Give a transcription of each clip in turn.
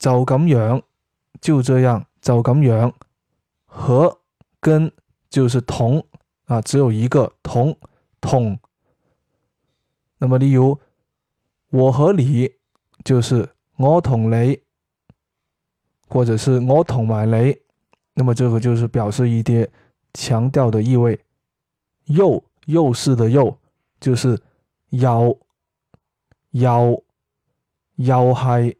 就咁樣，就這樣，就咁樣。和跟就是同啊，只有一個同同。那麼，例如我和你，就是我同你，或者是我同埋你。那麼，這個就是表示一啲強調的意味。又又是的又，就是又又又係。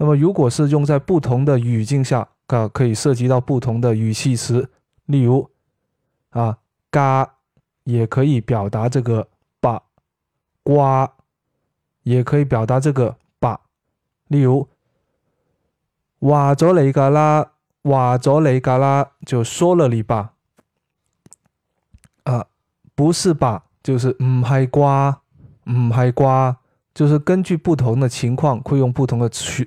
那麼，如果是用在不同的語境下、啊，可以涉及到不同的語氣詞，例如，啊，嘎也可以表達這個吧，瓜也可以表達這個吧，例如，話咗你嘎啦，話咗你嘎啦，就說了你吧，啊，不是吧，就是唔係瓜，唔係瓜，就是根據不同的情況，會用不同的詞。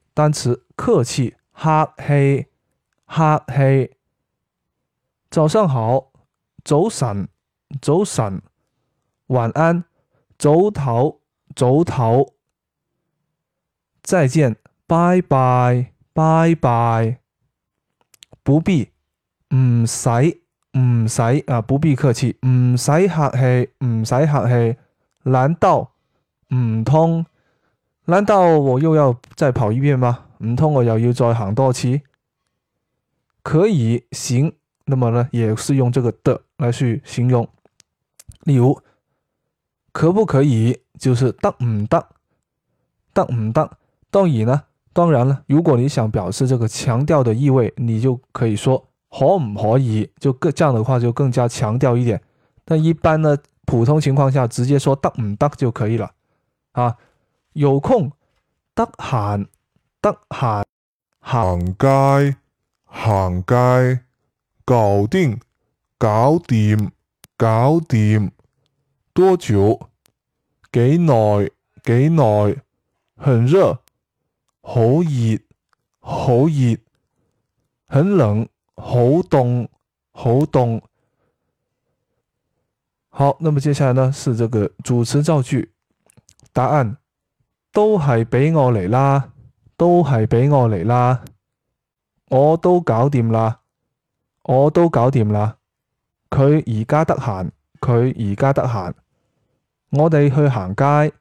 單詞，客氣，客氣，客氣。早上好，早晨，早晨。晚安，早唞，早唞。再見，拜拜，拜拜。不必，唔使，唔使啊！不必客氣，唔使客氣，唔使客氣。難道唔通？難道我又要？再跑一遍吧，唔通我又要再行多次？可以行，那麼呢，也是用這個的來去形容。例如，可不可以？就是得唔得？得唔得？當然啦，當然啦。如果你想表示這個強調的意味，你就可以說可唔可以？就個這樣的話就更加強調一點。但一般呢，普通情況下直接說得唔得就可以了。啊，有空。得閒，得閒，喊行街，行街，搞定，搞掂，搞掂。多久？幾耐？幾耐？很熱，好熱，好熱。很冷好，好凍，好凍。好，那麼接下來呢？是這個主持造句答案。都係俾我嚟啦，都係俾我嚟啦，我都搞掂啦，我都搞掂啦。佢而家得閒，佢而家得閒，我哋去行街，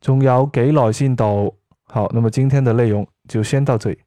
仲有幾耐先到？好，那麼今天嘅內容就先到這裏。